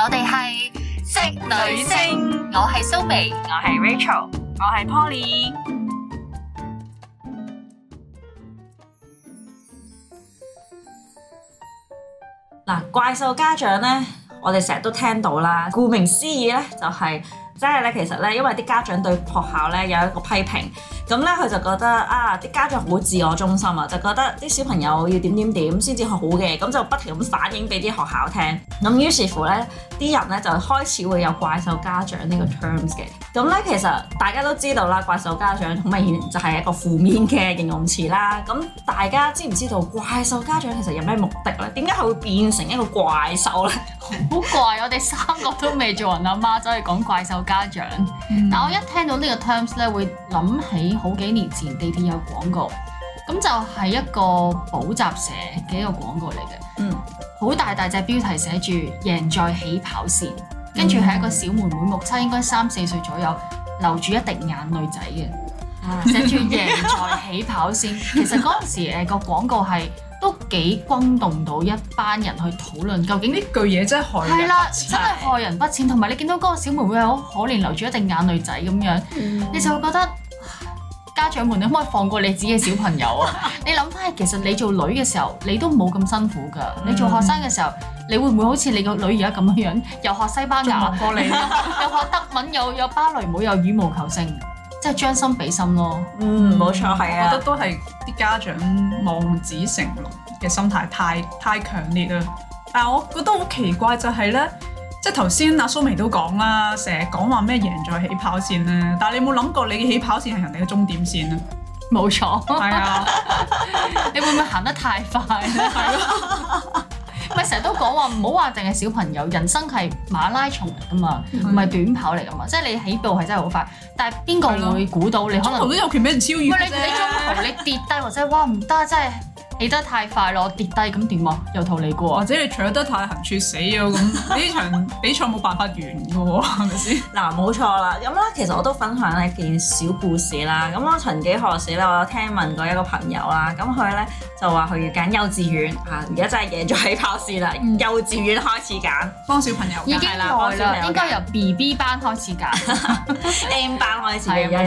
我哋係職女聲，我係蘇眉，我係 Rachel，我係 Poly。嗱，怪獸家長咧，我哋成日都聽到啦。顧名思義咧，就係、是、即係咧，其實咧，因為啲家長對學校咧有一個批評。咁咧，佢、嗯、就覺得啊，啲家長好自我中心啊，就覺得啲小朋友要點點點先至好嘅，咁就不停咁反映俾啲學校聽。咁於是乎咧，啲人咧就開始會有怪獸家長呢個 terms 嘅。咁咧、嗯，其實大家都知道啦，怪獸家長好明顯就係一個負面嘅形容詞啦。咁大家知唔知道怪獸家長其實有咩目的咧？點解係會變成一個怪獸咧？好 怪！我哋三個都未做人阿媽，走去講怪獸家長。嗯、但我一聽到呢個 terms 咧，會諗起。好幾年前地鐵有廣告，咁就係一個補習社嘅一個廣告嚟嘅。嗯，好大大隻標題寫住贏在起跑線，跟住係一個小妹妹，目測應該三四歲左右，留住一滴眼淚仔嘅。寫住贏在起跑線，啊、 其實嗰陣時誒個廣告係都幾轟動到一班人去討論，究竟呢句嘢真係害人，係喇，真係害人不淺。同埋你見到嗰個小妹妹係好可憐，留住一滴眼淚仔咁樣，嗯、你就會覺得。家長們，你可唔可以放過你自己嘅小朋友啊？ 你諗翻，其實你做女嘅時候，你都冇咁辛苦㗎。嗯、你做學生嘅時候，你會唔會好似你個女而家咁樣樣，又學西班牙，過 又，又學德文，又有芭蕾舞，又羽毛球，成即係將心比心咯。嗯，冇錯係啊，嗯、我覺得都係啲家長望子成龍嘅心態太太強烈啦。但係我覺得好奇怪就係咧。即係頭先阿蘇眉都講啦，成日講話咩贏在起跑線咧，但係你有冇諗過你起跑線係人哋嘅終點線咧？冇錯，係啊，你會唔會行得太快？咪成日都講話唔好話淨係小朋友，人生係馬拉松嚟噶嘛，唔係短跑嚟噶嘛，的即係你起步係真係好快，但係邊個會估到你可能？中途都有權俾人超越你你中途你跌低或者哇唔得真係。起得太快咯，跌低咁點啊？又頭嚟過或者你搶得太行猝死啊？咁呢場比賽冇辦法完㗎喎，係咪先？嗱，冇錯啦。咁咧其實我都分享一件小故事啦。咁我曾幾何時咧，我聽聞過一個朋友啦。咁佢咧就話佢要揀幼稚園嚇，而、啊、家真係贏在起跑線啦。幼稚園開始揀幫小朋友已經啦，應該由 B B 班開始揀 M 班開始。係有有。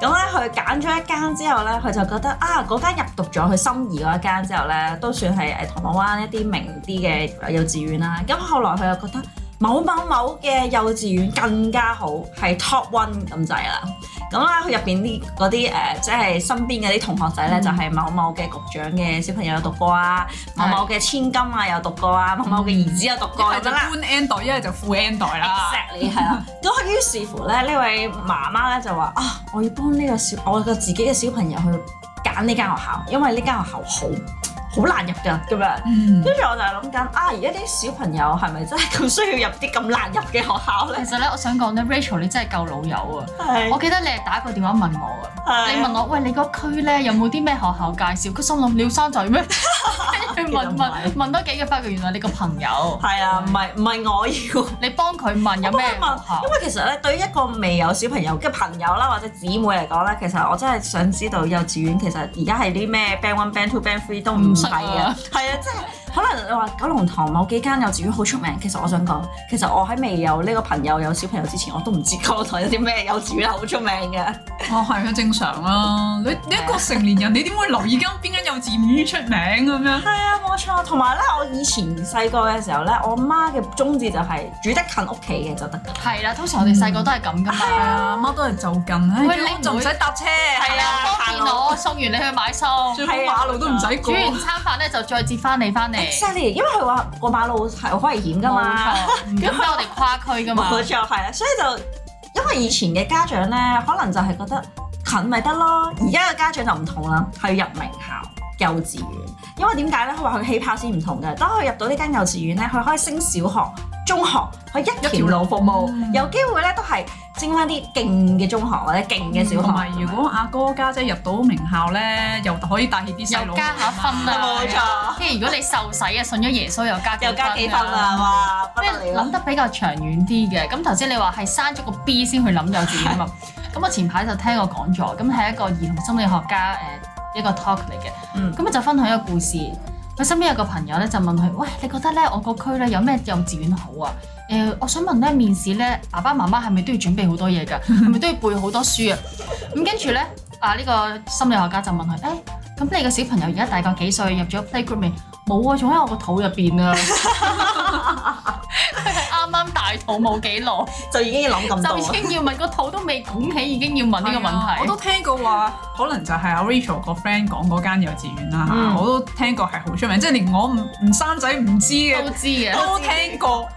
咁咧佢揀咗一間之後咧，佢就覺得啊嗰間入讀咗佢、啊、心儀嗰。間之後咧，都算係誒銅鑼灣一啲名啲嘅幼稚園啦。咁後來佢又覺得某某某嘅幼稚園更加好，係 top one 咁滯啦。咁啦，佢入邊啲嗰啲誒，即係身邊嗰啲同學仔咧，嗯、就係某某嘅局長嘅小朋友有讀過啊，某某嘅千金啊又讀過啊，某某嘅兒子又讀過，就官二代，一係就富二代啦。石你係啦，咁 於是乎咧，呢位媽媽咧就話啊，我要幫呢個小我嘅自己嘅小朋友去。揀呢間學校，因為呢間學校好。好難入㗎咁樣，跟住我就係諗緊啊！而家啲小朋友係咪真係咁需要入啲咁難入嘅學校咧？其實咧，我想講咧，Rachel 你真係夠老友啊！我記得你係打個電話問我啊，你問我喂你個區咧有冇啲咩學校介紹？佢心諗你要生仔咩？問問問多幾句翻嚟，原來你個朋友。係啊，唔係唔係我要。你幫佢問有咩？因為其實咧，對於一個未有小朋友嘅朋友啦，或者姊妹嚟講咧，其實我真係想知道幼稚園其實而家係啲咩 Band One、Band Two、Band Three 都唔。係啊，係啊，真係。可能你話九龍塘某幾間幼稚園好出名，其實我想講，其實我喺未有呢個朋友有小朋友之前，我都唔知九龍塘有啲咩幼稚園係好出名嘅。哦，係啊，正常啦。你一個成年人，你點會留意緊邊間幼稚園出名咁樣？係啊，冇錯。同埋咧，我以前細個嘅時候咧，我媽嘅宗旨就係住得近屋企嘅就得㗎。係啦，通常我哋細個都係咁㗎嘛。係啊，媽都係就近。喂，你仲唔使搭車？係啊，見我送完你去買餸，過馬路都唔使。煮完餐飯咧，就再接翻你翻嚟。Sally，因為佢話過馬路係好危險噶嘛，唔敢俾我哋跨區噶嘛。冇 錯，係啊，所以就因為以前嘅家長咧，可能就係覺得近咪得咯。而家嘅家長就唔同啦，係入名校幼稚園。因為點解咧？佢話佢嘅起跑線唔同嘅，當佢入到呢間幼稚園咧，佢可以升小學。中學可以一條路服務，服務，嗯、有機會咧都係升翻啲勁嘅中學或者勁嘅小學。唔、嗯、如果阿哥家姐、姐入到名校咧，又可以帶起啲細路。又加下分啊！冇嗎嗎錯。即係 如果你受洗啊，信咗耶穌又加幾分。又加幾分啊！分哇，即你諗得比較長遠啲嘅。咁頭先你話係生咗個 B 先去諗幼稚園啊嘛。咁 我前排就聽個講座，咁係一個兒童心理學家誒一個 talk 嚟嘅。嗯。咁啊就分享一個故事。佢身邊有個朋友咧，就問佢：喂，你覺得咧，我個區咧有咩幼稚園好啊？誒、呃，我想問咧，面試咧，爸爸媽媽係咪都要準備好多嘢㗎？係咪 都要背好多書啊？咁跟住咧，啊、這、呢個心理學家就問佢：誒、哎，咁你個小朋友而家大概幾歲？入咗 play group 未？冇啊，仲喺我個肚入邊啊！ 佢係啱啱大肚冇幾耐， 就已經要諗，咁就已經要問，個肚都未拱起，已經要問呢個問題。我都聽過話，可能就係阿 Rachel 個 friend 講嗰間幼稚園啦吓，嗯、我都聽過係好出名，即係連我唔生仔唔知嘅都知嘅，都知都聽過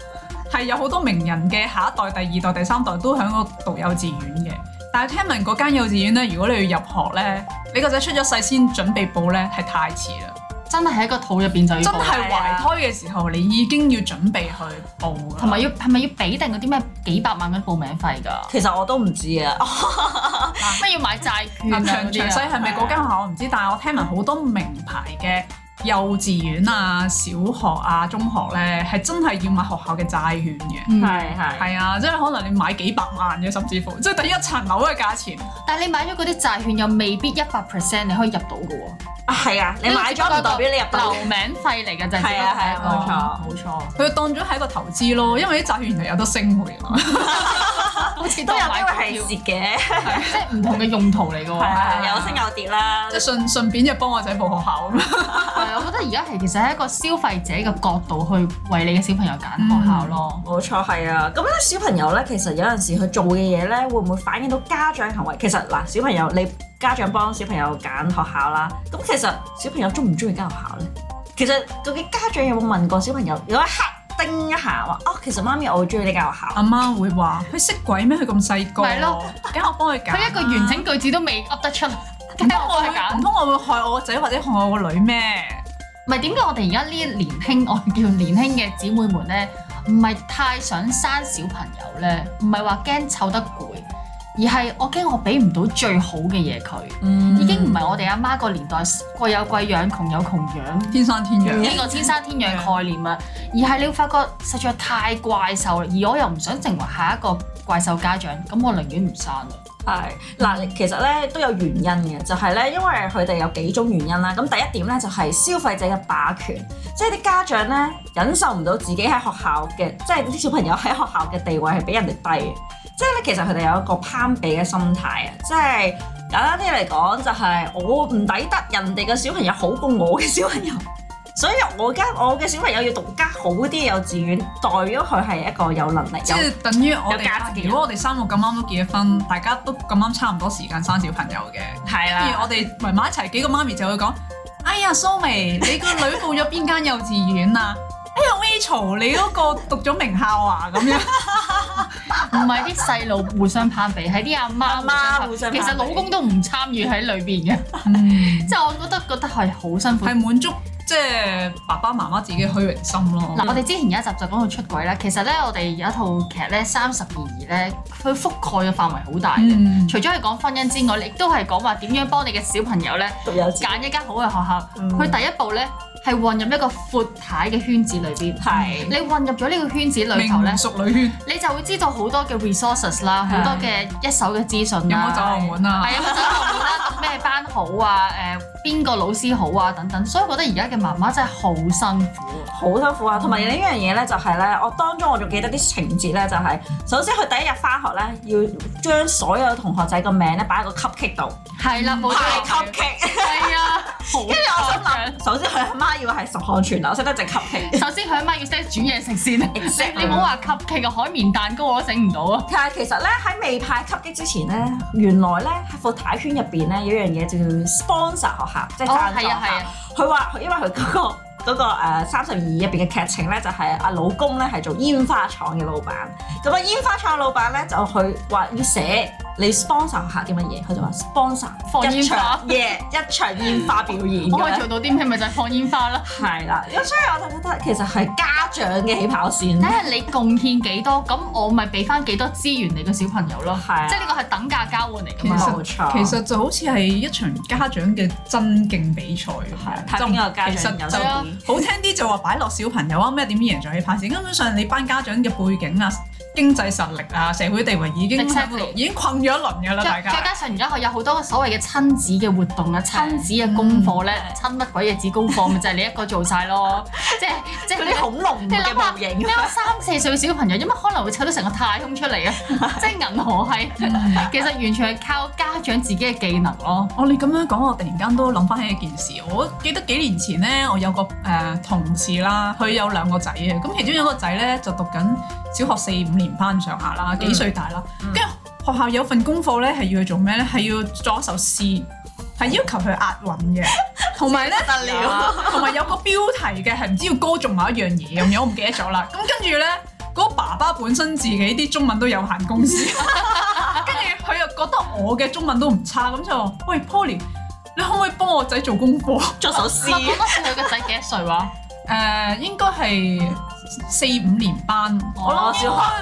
係有好多名人嘅下一代、第二代、第三代都喺度讀幼稚園嘅。但係聽聞嗰間幼稚園咧，如果你要入學咧，你個仔出咗世先準備報咧，係太遲啦。真係喺個肚入邊就要報胎啦。真係懷胎嘅時候，你已經要準備去報，同埋要係咪要俾定嗰啲咩幾百萬嘅報名費㗎？其實我都唔知 啊，咩要買債券啊？所以係咪嗰間學校的我唔知，但係我聽聞好多名牌嘅。幼稚園啊、小學啊、中學咧，係真係要買學校嘅債券嘅，係係係啊，即係可能你買幾百萬嘅，甚至乎即係等於一層樓嘅價錢。但係你買咗嗰啲債券又未必一百 percent 你可以入到嘅喎。啊係啊，你買咗唔代表你入到。留名費嚟嘅就係。係啊係，冇錯冇錯。佢錯錯當咗係一個投資咯，因為啲債券原來有得升回。 好似都有會，因為係折嘅，即係唔同嘅用途嚟㗎喎。 啊、有升有跌啦。即係順順便就幫我仔報學校咁樣。係 啊，我覺得而家係其實係一個消費者嘅角度去為你嘅小朋友揀學校咯。冇、嗯嗯、錯，係啊。咁咧小朋友咧，其實有陣時佢做嘅嘢咧，會唔會反映到家長行為？其實嗱，小朋友你家長幫小朋友揀學校啦，咁其實小朋友中唔中意間學校咧？其實究竟家長有冇問過小朋友？有一刻。叮一下話，啊、哦，其實媽咪我會中意呢間學校。阿媽，媽會話：佢識鬼咩？佢咁細個。係咯，等我幫佢揀、啊。佢一個完整句子都未噏得出。咁我會揀，唔通我會害我個仔或者害我個女咩？唔係，點解我哋而家呢啲年輕我叫年輕嘅姊妹們咧，唔係太想生小朋友咧，唔係話驚湊得攰。而係我驚我俾唔到最好嘅嘢佢，嗯、已經唔係我哋阿媽個年代貴有貴養，窮有窮養，天生天養呢個天生天養概念啊，嗯、而係你會發覺實在太怪獸，而我又唔想成為下一個怪獸家長，咁我寧願唔生啦。係嗱，其實咧都有原因嘅，就係、是、咧因為佢哋有幾種原因啦。咁第一點咧就係消費者嘅霸權，即係啲家長咧忍受唔到自己喺學校嘅，即係啲小朋友喺學校嘅地位係比人哋低。即係咧，其實佢哋有一個攀比嘅心態啊！即係簡單啲嚟講，就係我唔抵得人哋嘅小朋友好過我嘅小朋友，所以我家我嘅小朋友要讀家好啲幼稚園，代表佢係一個有能力、有即係等於我哋有有價值。如果我哋三個咁啱都結咗婚，大家都咁啱差唔多時間生小朋友嘅，係啦的。譬如我哋埋埋一齊幾個媽咪就會講：哎呀，蘇眉，你個女報咗邊間幼稚園啊？哎呀，Rachel，你嗰個讀咗名校啊？咁樣。 唔係啲細路互相攀比，係啲阿媽媽。媽媽其實老公都唔參與喺裏邊嘅，即係我覺得覺得係好辛苦。係滿足即係、就是、爸爸媽媽自己虛榮心咯。嗱、嗯，我哋之前有一集就講到出軌咧。其實咧，我哋有一套劇咧《三十而已》咧，佢覆蓋嘅範圍好大嘅。嗯、除咗係講婚姻之外，亦都係講話點樣幫你嘅小朋友咧揀一間好嘅學校。佢、嗯、第一步咧。係混入一個闊太嘅圈子裏邊，係是你混入咗呢個圈子裏頭咧，熟女圈，你就會知道好多嘅 resources 啦，好是多嘅一手嘅資訊有有、啊，有冇走後門啊？有冇走後門啦，咩班好啊？誒、呃，邊個老師好啊？等等，所以我覺得而家嘅媽媽真係好辛苦，好辛苦啊！同埋另一樣嘢咧，就係咧，我當中我仲記得啲情節咧、就是，就係首先佢第一日翻學咧，要將所有同學仔嘅名咧擺喺個 cupcake 度，係啦的，冇錯係 cupcake，啊。呀 跟住我心諗，首先佢阿媽，媽要係十項全啊，我識得直吸奇， 首先佢阿媽，媽要識煮嘢食先， 你 你唔好話吸奇個海綿蛋糕，我都整唔到啊。但係其實咧喺未派吸擊之前咧，原來咧喺副太圈入邊咧有一樣嘢叫 sponsor 學校，即係贊助學校。佢話、哦啊、因為佢嗰、嗰個嗰個三十二入邊嘅劇情咧，就係阿老公咧係做煙花廠嘅老闆，咁啊煙花廠老闆咧就去話要寫你 sponsor 下啲乜嘢，佢就話 sponsor 放煙花 yeah 一場煙花表演，我可以做到啲咩？咪就係放煙花咯。係啦，咁所以我就覺得其實係家長嘅起跑線，睇下你貢獻幾多，咁我咪俾翻幾多資源你個小朋友咯。係即係呢個係等價交換嚟㗎嘛。其實就好似係一場家長嘅真勁比賽，睇邊有家長 好聽啲就話擺落小朋友啊咩，點形象去拍攝，根本上你班家長嘅背景啊。經濟實力啊，社會地位已經已經困咗一輪㗎啦，大家。再加上而家佢有好多所謂嘅親子嘅活動啊，齊，親子嘅功課咧，親乜鬼嘢子功課咪就係你一個做晒咯，即係即係啲恐龍嘅模型。咩？三四歲小朋友有乜可能會湊到成個太空出嚟啊？即係銀河系，其實完全係靠家長自己嘅技能咯。哦，你咁樣講，我突然間都諗翻起一件事。我記得幾年前咧，我有個誒同事啦，佢有兩個仔嘅，咁其中有一個仔咧就讀緊小學四五年翻上下啦，幾歲大啦？跟住、嗯、學校有份功課咧，係要去做咩咧？係要作一首詩，係要求佢押韻嘅，同埋咧同埋有，得了、啊、有個標題嘅，係唔知要歌頌某一樣嘢咁樣， 我唔記得咗啦。咁跟住咧，嗰、那個、爸爸本身自己啲中文都有限公司，跟住佢又覺得我嘅中文都唔差，咁就話：喂，Polly，你可唔可以幫我仔做功課，作首詩？佢個仔幾多歲話？誒、 呃，應該係。四五年班，我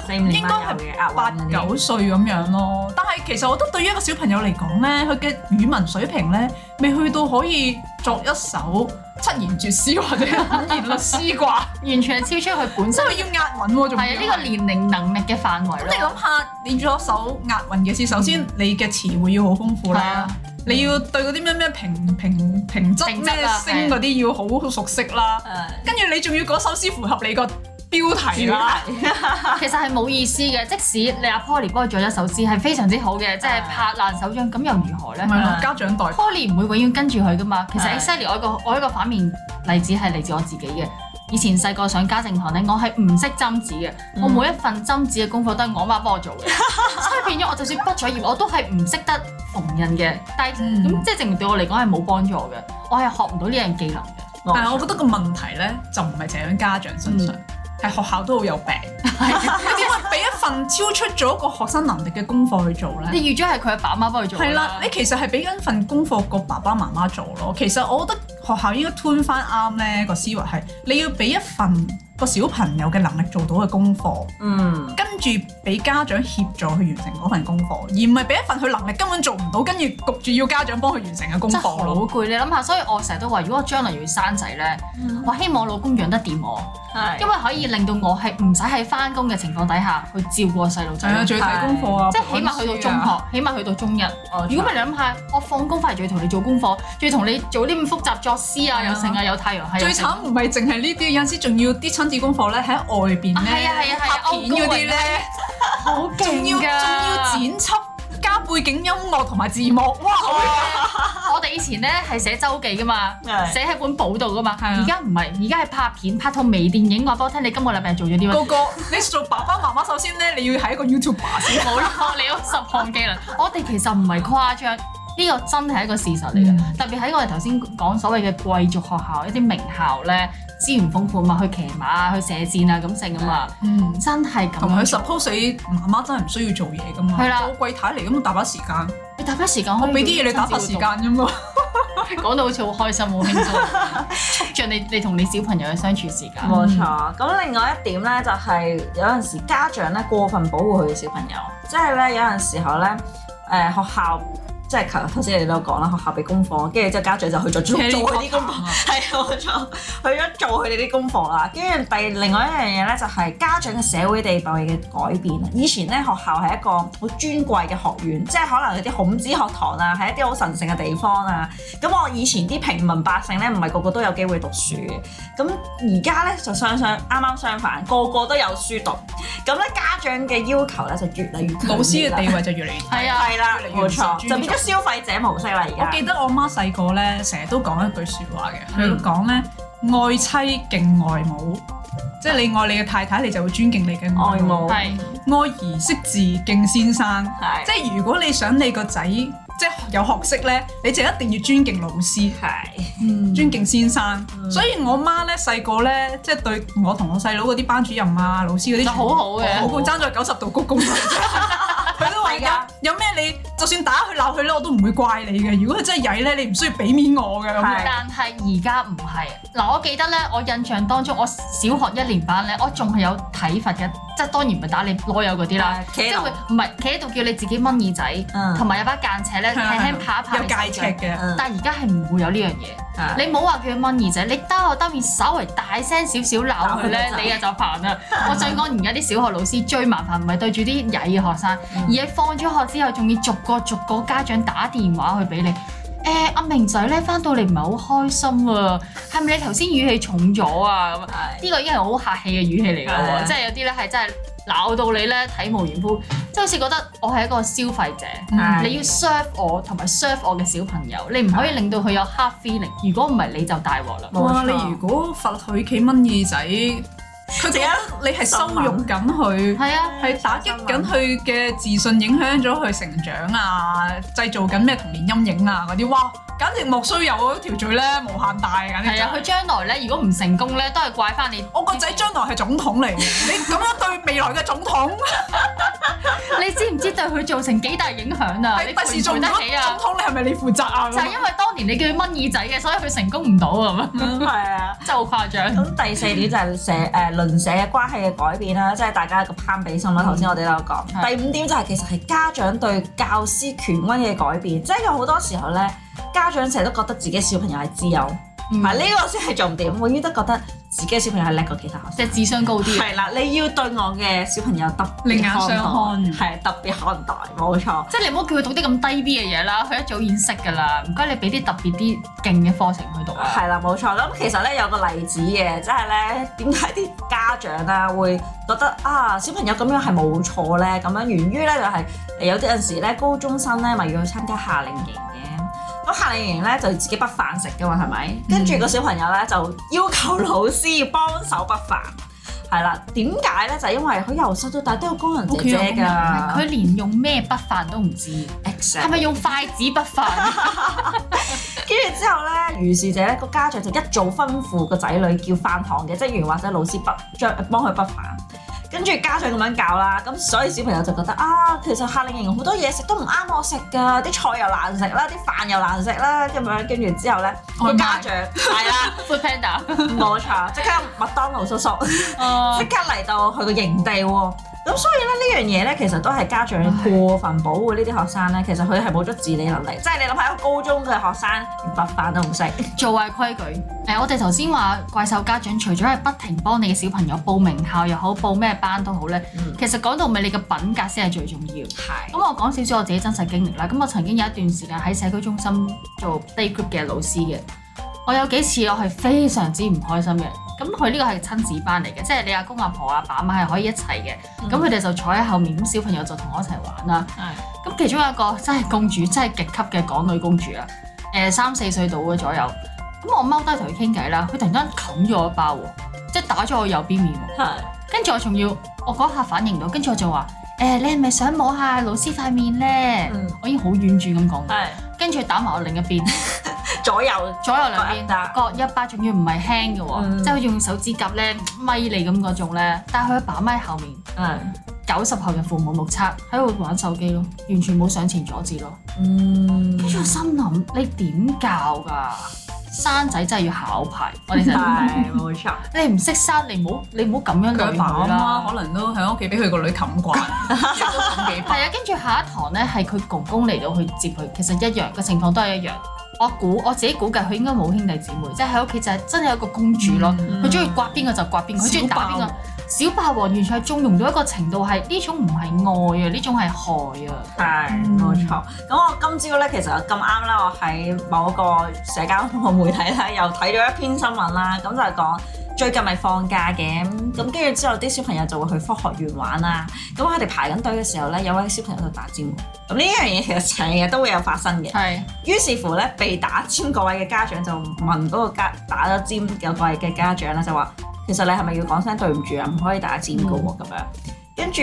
諗應該係八九歲咁樣咯。但係其實我覺得對於一個小朋友嚟講咧，佢嘅語文水平咧，未去到可以作一首七言絕詩或者五言律詩啩。完全係超出佢本身，要押韻仲係呢個年齡能力嘅範圍。咁你諗下，練咗一首押韻嘅詩，首先你嘅詞彙要好豐富啦，你要對嗰啲咩咩平平平仄咩聲嗰啲要好好熟悉啦。跟住你仲要嗰首詩符合你個標題啦，其實係冇意思嘅。即使你阿 Polly 幫佢做咗一首詩，係非常之好嘅，即係拍爛手掌咁又如何咧？唔係家長代 Polly 唔會永遠跟住佢噶嘛。其實喺 Sally，我一個我一個反面例子係嚟自我自己嘅。以前細個上家政堂咧，我係唔識針黹嘅。我每一份針黹嘅功課都係我媽幫我做嘅，所以變咗我就算畢咗業，我都係唔識得縫紉嘅。但係咁即係證明對我嚟講係冇幫助嘅。我係學唔到呢樣技能嘅。但係我覺得個問題咧就唔係淨係喺家長身上。喺學校都好有病，佢點解俾一份超出咗個學生能力嘅功課去做咧？你預咗係佢阿爸媽幫佢做？係啦，你其實係俾緊份功課個爸爸媽媽做咯。其實我覺得學校應該 turn 翻啱咧個思維係，你要俾一份個小朋友嘅能力做到嘅功課，跟住俾家長協助去完成嗰份功課，而唔係俾一份佢能力根本做唔到，跟住焗住要家長幫佢完成嘅功課咯。好攰，你諗下，所以我成日都話，如果我將來要生仔咧，我希望老公養得掂我，因為可以令到我係唔使喺翻工嘅情況底下去照顧細路仔。係啊，仲要睇功課啊，即係起碼去到中學，起碼去到中一。如果唔係你諗下，我放工翻嚟仲要同你做功課，仲要同你做啲咁複雜作詩啊，又剩啊，有太陽系。最慘唔係淨係呢啲，有陣時仲要啲功課咧，喺外邊咧拍片嗰啲咧好勁噶，仲要剪輯加背景音樂同埋字幕哇！我哋以前咧係寫周記噶嘛，寫喺本簿度噶嘛。而家唔係，而家係拍片，拍套微電影話俾我聽。你今個禮拜做咗啲咩？個個你做爸爸媽媽，首先咧你要喺一個 YouTuber 先好啦。你有十項技能，我哋其實唔係誇張，呢個真係一個事實嚟嘅。特別喺我哋頭先講所謂嘅貴族學校一啲名校咧。資源豐富嘛，去騎馬啊，去射箭啊咁盛啊嘛，真係咁。同埋佢 suppose 媽媽真係唔需要做嘢噶嘛，係啦，好櫃枱嚟咁，大把時間，大把時間我俾啲嘢你打發時間啫嘛，講 到好似好開心好滿足， 像你你同你小朋友嘅相處時間。冇錯，咁另外一點咧，就係有陣時家長咧過分保護佢嘅小朋友，即係咧有陣時候咧，誒學校。即係頭頭先你都有講啦，學校俾功課，跟住之後家長就去咗其實 做佢啲功課，係冇錯，去咗做佢哋啲功課啦。跟住第另外一樣嘢咧，就係家長嘅社會地位嘅改變啊。以前咧學校係一個好尊貴嘅學院，即係可能有啲孔子學堂啊，係一啲好神聖嘅地方啊。咁我以前啲平民百姓咧，唔係個個都有機會讀書。咁而家咧就相相啱啱相反，個個都有書讀。咁咧家長嘅要求咧就越嚟越，老師嘅地位就越嚟越低啦。係啦、 啊，冇錯。消費者模式啦，而家。我記得我媽細個咧，成日都講一句說話嘅，佢都講咧愛妻敬外母，即係你愛你嘅太太，你就會尊敬你嘅外母。係。愛兒識字敬先生，係。即係如果你想你個仔即係有學識咧，你就一定要尊敬老師。係。尊敬先生，所以我媽咧細個咧，即係對我同我細佬嗰啲班主任啊、老師嗰啲好好嘅，好好爭咗九十度鞠躬。的有咩你就算打佢鬧佢咧，我都唔會怪你嘅。如果佢真係曳咧，你唔需要俾面我嘅。是但係而家唔係嗱，我記得咧，我印象當中，我小學一年班咧，我仲係有體罰嘅，即係當然唔係打你籮柚嗰啲啦，即係會唔係企喺度叫你自己掹耳仔，同埋、嗯、有把間尺咧輕輕拍一拍。有戒尺嘅，嗯、但係而家係唔會有呢樣嘢。你冇話叫佢掹耳仔，你兜口兜面稍微大聲少少鬧佢咧，你啊就煩啦。 我再講而家啲小學老師最麻煩，唔係對住啲曳嘅學生。嗯嗯嘢放咗學之後，仲要逐個逐個家長打電話去俾你。誒、欸，阿、啊、明仔咧返到嚟唔係好開心喎、啊，係咪你頭先語氣重咗啊？咁呢的個已經係好客氣嘅語氣嚟㗎的即係有啲咧係真係鬧到你咧體無完膚，即係好似覺得我係一個消費者，的你要 serve 我同埋 serve 我嘅小朋友，你唔可以令到佢有 hard feeling。如果唔係，你就大鑊啦。哇！哇哇你如果罰佢幾蚊耳仔？佢而家你係收容緊佢，係啊，係打擊緊佢嘅自信，影響咗佢成長啊，製造緊咩童年陰影啊嗰啲，哇，簡直莫須有嗰條罪咧，無限大啊。係啊，佢將來咧，如果唔成功咧，都係怪翻你。我個仔將來係總統嚟嘅，你咁樣對未來嘅總統，你知唔知對佢造成幾大影響啊？你費事做得起啊？總統你係咪你負責啊？就係因為當年你叫佢掹耳仔嘅，所以佢成功唔到咁樣。係啊，真係好誇張。咁第四點就係寫誒。鄰舍嘅關係嘅改變啦，即係大家嘅攀比心啦，大家有個攀比心。頭先、嗯、我哋都有講。的第五點就係、是、其實係家長對教師權威嘅改變，即係有好多時候呢，家長成日都覺得自己小朋友係自由。唔係呢個先係重點，我依都覺得自己嘅小朋友係叻過其他學生，即係智商高啲。係啦，你要對我嘅小朋友特別另眼相看，係特別可能大。冇錯，即係你唔好叫佢讀啲咁低 B 嘅嘢啦，佢一早已經識㗎啦。唔該，你俾啲特別啲勁嘅課程去讀啊。係啦，冇錯啦。咁其實咧有個例子嘅，即係咧點解啲家長啊會覺得啊小朋友咁樣係冇錯咧？咁樣源於咧就係、是、有啲陣時咧高中生咧咪要去參加夏令營嘅。個夏令營咧就自己筆飯食嘅嘛，係咪？跟住個小朋友咧就要求老師幫手筆飯，係啦。點解咧？就係因為佢由細到大都有工人姐姐嘅，佢連用咩筆飯都唔知。係咪 Exactly. 用筷子筆飯？跟住 之後咧，於是者咧，個家長就一早吩咐個仔女，叫飯堂嘅職員或者老師筆將幫佢筆飯。跟住家長咁樣搞啦，咁所以小朋友就覺得啊，其實夏令營好多嘢食都唔啱我食㗎，啲菜又難食啦，啲飯又難食啦咁樣，跟住之後咧，oh、my. 個家長係啦、 yeah，Food Panda 冇 錯，即刻麥當勞叔叔即刻嚟到佢個營地喎。咁所以咧，呢樣嘢咧，其實都係家長過分保護呢啲學生咧，其實佢係冇咗自理能力。即係你諗下，一個高中嘅學生連白飯都唔識做，壞規矩。誒，我哋頭先話怪獸家長，除咗係不停幫你嘅小朋友報名校又好，報咩班都好咧，嗯、其實講到尾，你嘅品格先係最重要。係是。咁我講少少我自己真實經歷啦。咁我曾經有一段時間喺社區中心做 day group 嘅老師嘅。我有幾次我係非常之唔開心嘅，咁佢呢個係親子班嚟嘅，即係你阿公阿婆阿爸阿媽係可以一齊嘅，咁佢哋就坐喺後面，咁小朋友就同我一齊玩啦。咁、嗯、其中一個真係公主，真係極級嘅港女公主啊！誒、呃，三四歲到嘅左右，咁我踎低同佢傾偈啦，佢突然間冚咗我一包喎，即係打咗我右邊面喎。跟住、嗯、我仲要，我嗰下反應到，跟住我就話：誒、欸，你係咪想摸下老師塊面呢？嗯、我已經好婉轉咁講。跟住、嗯、打埋我另一邊。 左右左右兩邊各一巴，仲要唔係輕嘅喎，嗯、即係用手指甲咧，咪你咁嗰種咧。但係佢一把咪。後面，九十、嗯、後嘅父母目測喺度玩手機咯，完全冇上前阻止咯。嗯，跟住我心諗，你點教㗎？生仔真係要考牌，我哋真係 你唔識生，你唔好你唔好咁樣。佢爸阿媽可能都喺屋企俾佢個女冚慣，係啊。 跟住、嗯、下一堂咧，係佢公公嚟到去接佢，其實一樣個情況都係一樣。 我估我自己估計佢應該冇兄弟姊妹，即係喺屋企就係真係一個公主咯。佢中意刮邊個就刮邊個，佢中意打邊個。小霸王完全係縱容到一個程度，係呢種唔係愛啊，呢種係害啊。係，冇錯。咁我今朝咧其實咁啱啦，我喺某一個社交媒體咧又睇咗一篇新聞啦，咁就係、係、講。最近咪放假嘅，咁跟住之後啲小朋友就會去科學園玩啦。咁我哋排緊隊嘅時候呢，有位小朋友就打尖。咁呢樣嘢其實成日都會有發生嘅。係是。於是乎呢，被打尖嗰位嘅家長就問嗰個家打咗尖有位嘅家長呢，就話：其實你係咪要講聲對唔住啊？唔可以打尖嘅喎咁樣。跟住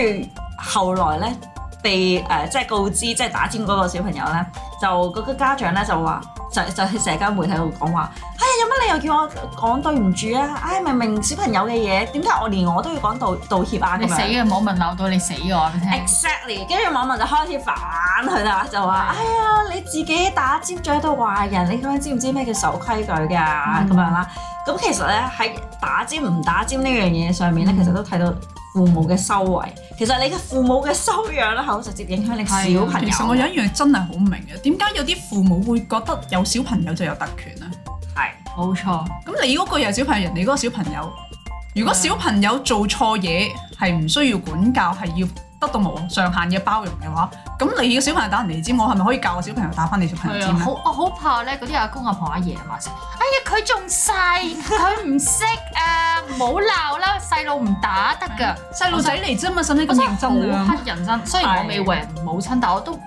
後來呢。被誒、呃、即係告知即係打尖嗰個小朋友咧，就嗰、嗰個家長咧就話就就喺社交媒體度講話，哎呀有乜理由叫我講對唔住啊？哎明明小朋友嘅嘢，點解我連我都要講道道歉啊？你死嘅，網民鬧到你死我啊！Exactly，跟住網民就開始反佢啦，就話：哎呀你自己打尖仲喺度壞人，你咁樣知唔知咩叫守規矩㗎、啊？咁、嗯、樣啦，咁其實咧喺打尖唔打尖呢樣嘢上面咧，嗯、其實都睇到。父母嘅修為，其實你嘅父母嘅修養啦，好直接影響你小朋友。其實我有一樣真係好唔明嘅，點解有啲父母會覺得有小朋友就有特權啊？係，冇錯。咁你嗰個有小朋友，人你嗰個小朋友，如果小朋友做錯嘢，係唔、嗯、需要管教，係要。得到冇上限嘅包容嘅話，咁你個小朋友打人哋，知我係咪可以教個小朋友打返你小朋友尖？好，我好怕咧，嗰啲阿公阿婆阿爺啊嘛，成哎呀佢仲細，佢唔識啊，唔好鬧啦，細路唔打得㗎，細路仔嚟啫嘛，使咩咁認真？好乞人憎，雖然我未為人母親的但我都。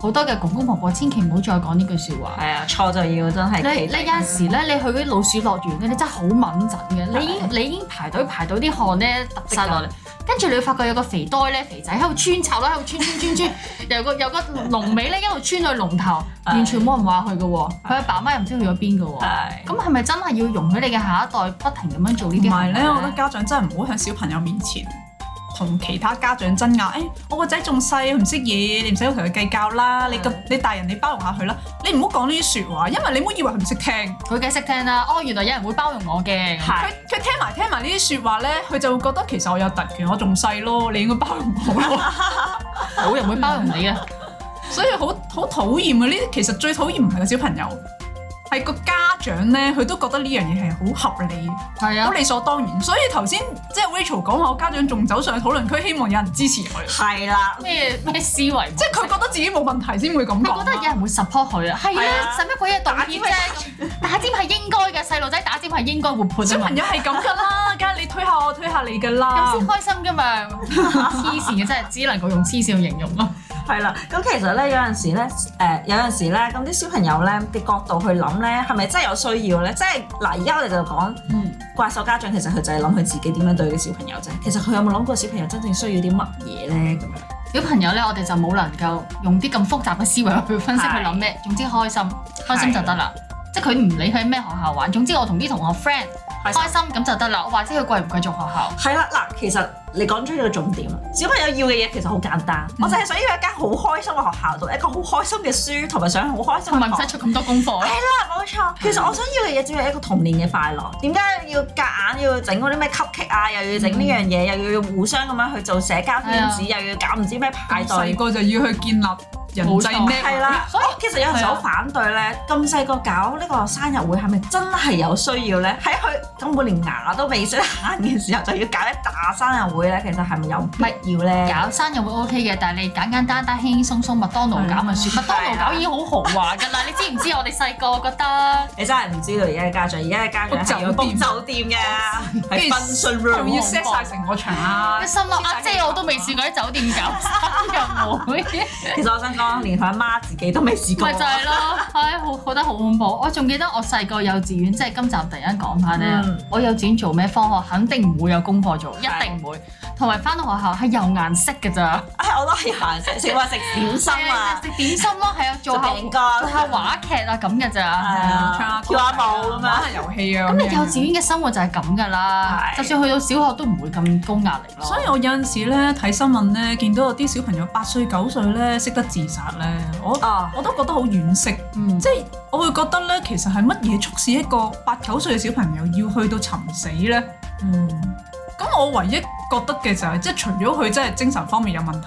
好多嘅公公婆婆千祈唔好再講呢句説話。係啊、哎，錯就要真係。你你有陣時咧，你去啲老鼠樂園咧，你真係好敏陣嘅。的你已經你已經排隊排到啲汗咧，揼曬落嚟。跟住你發覺有個肥袋咧，肥仔喺度穿插啦，喺度穿穿穿穿，有、 有個有個龍尾咧，一路穿去龍頭，的完全冇人話佢嘅喎。佢阿的爸媽又唔知去咗邊嘅喎。咁係咪真係要容許你嘅下一代不停咁樣做呢啲？唔係咧，我覺得家長真係唔好喺小朋友面前。同其他家長爭拗，誒，我個仔仲細，唔識嘢，你唔使同佢計較啦。你咁，你大人你包容下佢啦。你唔好講呢啲説話，因為你唔好以為佢唔識聽，佢梗係識聽啦。哦，原來有人會包容我嘅，佢佢聽埋聽埋呢啲説話咧，佢就會覺得其實我有特權，我仲細咯，你應該包容我。冇人會包容你嘅，所以好好討厭啊！呢啲其實最討厭唔係個小朋友。係個家長咧，佢都覺得呢樣嘢係好合理，好、啊、理所當然。所以頭先即係 Rachel 講話，我家長仲走上討論區，希望有人支持佢。係啦、啊。咩咩思維？即係佢覺得自己冇問題先會咁講、啊。覺得有人會 support 佢啊？係啊，使乜鬼嘢打打尖係應該嘅，細路仔打尖係應， 應該活潑。小朋友係咁噶啦，梗係你推下我，推下你噶啦。咁先 開心㗎嘛？黐線嘅真係，只能夠用黐線嚟形容啦。係啦，咁其實咧有陣時咧，誒、呃、有陣時咧，咁啲小朋友咧嘅角度去諗咧，係咪真係有需要咧？即係嗱，而家我哋就講怪獸家長其，其實佢就係諗佢自己點樣對啲小朋友啫。其實佢有冇諗過小朋友真正需要啲乜嘢咧？咁樣小朋友咧，我哋就冇能夠用啲咁複雜嘅思維去分析佢諗咩。總之開心，開心就得啦。的即係佢唔理佢咩學校玩，總之我同啲同學 friend 開心咁就得啦。我話知佢貴唔貴族學校？係啦，嗱，其實。你講出呢個重點，小朋友要嘅嘢其實好簡單，我就係想要一間好開心嘅學校，讀一個好開心嘅書，同埋想好開心嘅學。唔使出咁多功課。係啦，冇錯。其實我想要嘅嘢只係一個童年嘅快樂。點解要夾硬要整嗰啲咩級級啊？又要整呢樣嘢，又要互相咁樣去做社交圈子，又要搞唔知咩派對。細個就要去建立人際咩？係啦，所以其實有陣時我反對咧。咁細個搞呢個生日會，係咪真係有需要咧？喺佢根本連牙都未識喊嘅時候，就要搞一打生日會。其實係咪有乜要咧？搞生日會 OK 嘅，但係你簡簡單單輕輕鬆鬆麥當勞搞咪算。麥當勞搞已經好豪華㗎啦，你知唔知我哋細個覺得。你真係唔知道而家嘅家長，而家嘅家長成日幫酒店嘅，喺賓 suite room，佢要 set 晒成個場啊！心諗阿姐我都未試過喺酒店搞又冇。其實我想講，連佢阿媽自己都未試過。咪就係咯，唉，覺得好恐怖。我仲記得我細個幼稚園，即係今集突然間講翻咧，我幼稚園做咩？科學肯定唔會有功課做，一定唔會。同埋翻到學校係有顏色嘅咋，唉，我都係有顏色，成日食點心啊，食點心咯，係啊，做下做下話劇啊咁嘅咋，係啊，跳下舞啊，玩下遊戲啊，咁你幼稚園嘅生活就係咁噶啦，就算去到小學都唔會咁高壓力咯。所以我有陣時咧睇新聞咧，見到有啲小朋友八歲九歲咧識得自殺咧，我我都覺得好惋惜，即係我會覺得咧，其實係乜嘢促使一個八九歲嘅小朋友要去到尋死咧？咁我唯一。覺得嘅就係、是，即係除咗佢真係精神方面有問題，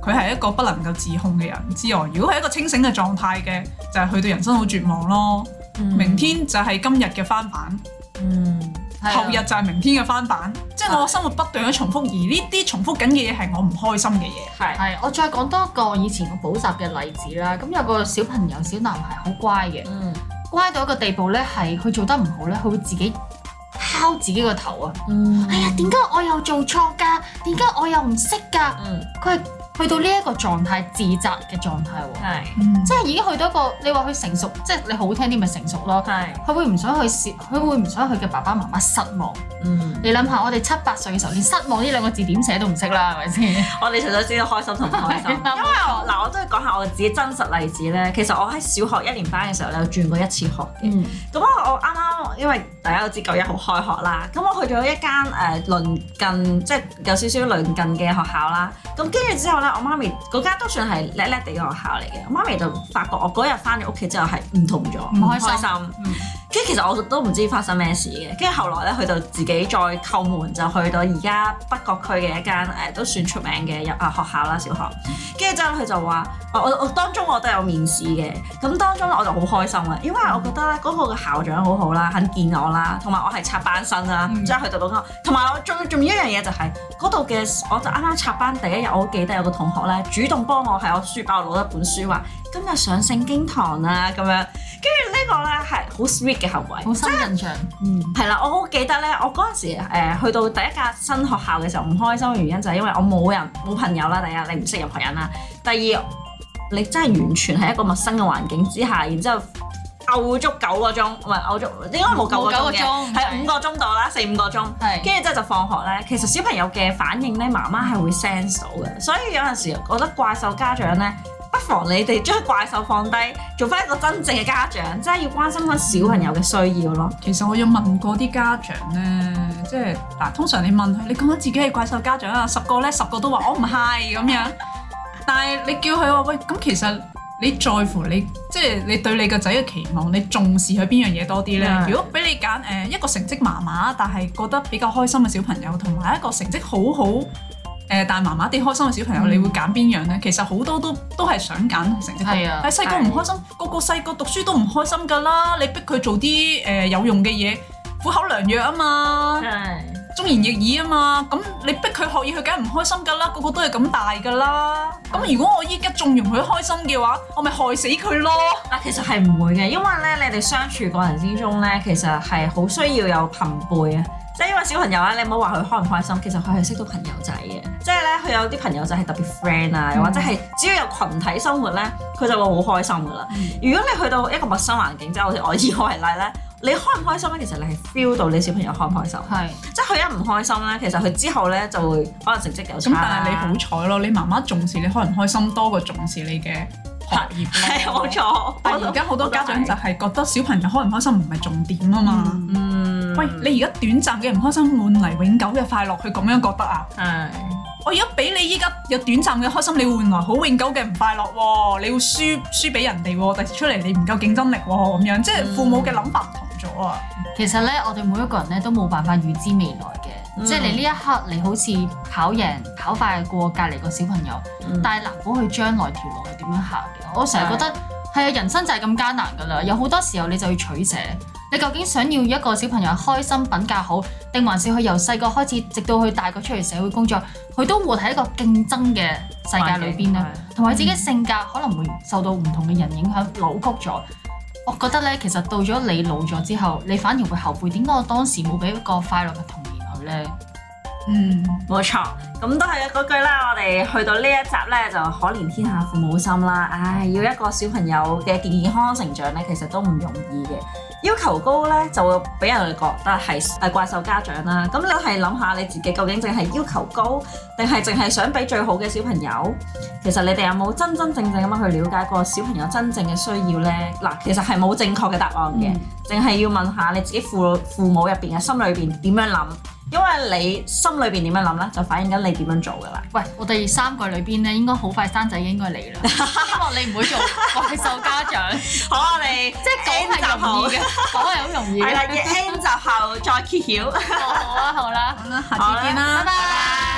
佢係一個不能夠自控嘅人之外，如果係一個清醒嘅狀態嘅，就係佢對人生好絕望咯。嗯、明天就係今日嘅翻版，嗯、後日就係明天嘅翻版，的即係我生活不斷嘅重複，而呢啲重複緊嘅嘢係我唔開心嘅嘢。係係，我再講多一個以前我補習嘅例子啦。咁有個小朋友，小男孩好乖嘅，嗯、乖到一個地步咧，係佢做得唔好咧，佢會自己。敲自己個頭啊！嗯、哎呀，點解我又做錯㗎？點解我又唔識㗎？佢、嗯去到呢一個狀態，自責嘅狀態喎，是嗯、即係已經去到一個，你話佢成熟，即係你好聽啲咪成熟咯，係是，佢會唔想去佢，佢會唔想佢嘅爸爸媽媽失望，嗯，你諗下，我哋七八歲嘅時候，連失望呢兩個字點寫都唔識啦，係咪先？ 我哋除咗知道開心同唔開心，的因為我嗱痛，我都要講下我自己真實例子咧。其實我喺小學一年班嘅時候咧，有轉過一次學嘅，咁、嗯、我啱啱因為大家都知九一號開學啦，咁我去咗一間誒鄰近，即係有少少鄰近嘅學校啦，咁跟住之後。我媽咪嗰間都算係叻叻哋嘅學校嚟嘅，我媽咪就發覺我嗰日返咗屋企之後係唔同咗，唔開心。跟其實我都唔知發生咩事嘅，跟住後來咧，佢就自己再叩門，就去到而家北角區嘅一間誒都算出名嘅入啊學校啦，小學。跟住之後佢就話、哦：，我我我當中我都有面試嘅，咁當中我就好開心啊，因為我覺得咧嗰個嘅校長好好啦，肯見我啦，同埋我係插班生啦，即係佢就咁講。同埋我最重要一樣嘢就係嗰度嘅，我就啱啱插班第一日，我好記得有個同學咧主動幫我喺我書包攞一本書，話今日上聖經堂啊咁樣。跟住呢個咧係好嘅行為好深印象，的嗯，係啦，我好記得咧，我嗰陣時、呃、去到第一間新學校嘅時候唔開心嘅原因就係因為我冇人冇朋友啦，第一你唔識任何人啦，第二你真係完全係一個陌生嘅環境之下，然之後溝足九個鐘，唔係溝足，應該冇九個鐘嘅，係五個鐘度啦，四五的個鐘，跟住之後就放學咧。其實小朋友嘅反應咧，媽媽係會 sense 到嘅，所以有陣時我覺得怪獸家長咧。不妨你哋將怪獸放低，做翻一個真正嘅家長，即係要關心翻小朋友嘅需要咯。其實我有問過啲家長呢，即係嗱，通常你問佢，你覺得自己係怪獸家長啊？十個呢，十個都話我唔係咁樣。但係你叫佢話喂，咁其實你在乎你，即係你對你個仔嘅期望，你重視佢邊樣嘢多啲呢？Yeah. 如果俾你揀，誒一個成績麻麻，但係覺得比較開心嘅小朋友，同埋一個成績好好。誒、呃，但係麻麻地開心嘅小朋友，嗯、你會揀邊樣咧？其實好多都都係想揀成績，但係細個唔開心，的個個細個讀書都唔開心㗎啦。你逼佢做啲誒、呃、有用嘅嘢，苦口良藥啊嘛，的忠言逆耳啊嘛。咁你逼佢學嘢，佢梗係唔開心㗎啦。個個都係咁大㗎啦。咁的如果我依家縱容佢開心嘅話，我咪害死佢咯？但其實係唔會嘅，因為咧，你哋相處過程之中咧，其實係好需要有朋輩啊。即係因為小朋友咧，你唔好話佢開唔開心，其實佢係識到朋友仔嘅，即係咧佢有啲朋友仔係特別 friend 啊，嗯、或者係只要有群體生活咧，佢就會好開心噶啦。嗯、如果你去到一個陌生環境，即係好似我以我為例咧，你開唔開心咧？其實你係 feel 到你小朋友開唔是開心。係，即係佢一唔開心咧，其實佢之後咧就會可能成績有差。咁但係你好彩咯，你媽媽重視你開唔開心多過重視你嘅學業。係冇、啊、錯。我係而家好多家長就係覺得小朋友開唔開心唔係重點啊嘛。嗯。嗯。喂，你而家短暫嘅唔開心換嚟永久嘅快樂，佢咁樣覺得啊？係是。我而家俾你依家有短暫嘅開心，你會換來好永久嘅唔快樂喎，你要輸輸俾人哋喎，第時出嚟你唔夠競爭力喎，咁樣即係父母嘅諗法唔同咗啊。嗯、其實咧，我哋每一個人咧都冇辦法預知未來嘅，嗯、即係你呢一刻你好似跑贏跑快過隔籬個小朋友，嗯、但係難保佢將來條路係點樣行嘅。嗯、我成日覺得係啊，是人生就係咁艱難噶啦，有好多時候你就要取捨。你究竟想要一個小朋友開心品格好，定還是佢由細個開始，直到佢大個出嚟社會工作，佢都活喺一個競爭嘅世界裏邊呢？同埋自己性格可能會受到唔同嘅人影響，扭曲咗。我覺得呢，其實到咗你老咗之後，你反而會後悔，點解我當時冇俾一個快樂嘅童年佢呢？嗯，冇錯，咁都係嗰句啦。我哋去到呢一集呢，就可憐天下父母心啦。唉，要一個小朋友嘅健健康康成長呢，其實都唔容易嘅。要求高呢，就會俾人哋覺得係誒怪獸家長啦。咁你係諗下你自己究竟淨係要求高，定係淨係想俾最好嘅小朋友？其實你哋有冇真真正正咁樣去了解過小朋友真正嘅需要呢？嗱，其實係冇正確嘅答案嘅，淨係要問下你自己父父母入邊嘅心裏邊點樣諗。因為你心裏邊點樣諗咧，就反映緊你點樣做噶啦。喂，我哋三個裏邊咧，應該好快生仔應該嚟啦，希望你唔會做怪獸家長。好啊，你即係講係容易嘅，講係好容易。係啦，二 M 集後再揭曉。好啊，好啦，咁啦，下次見啦，拜拜。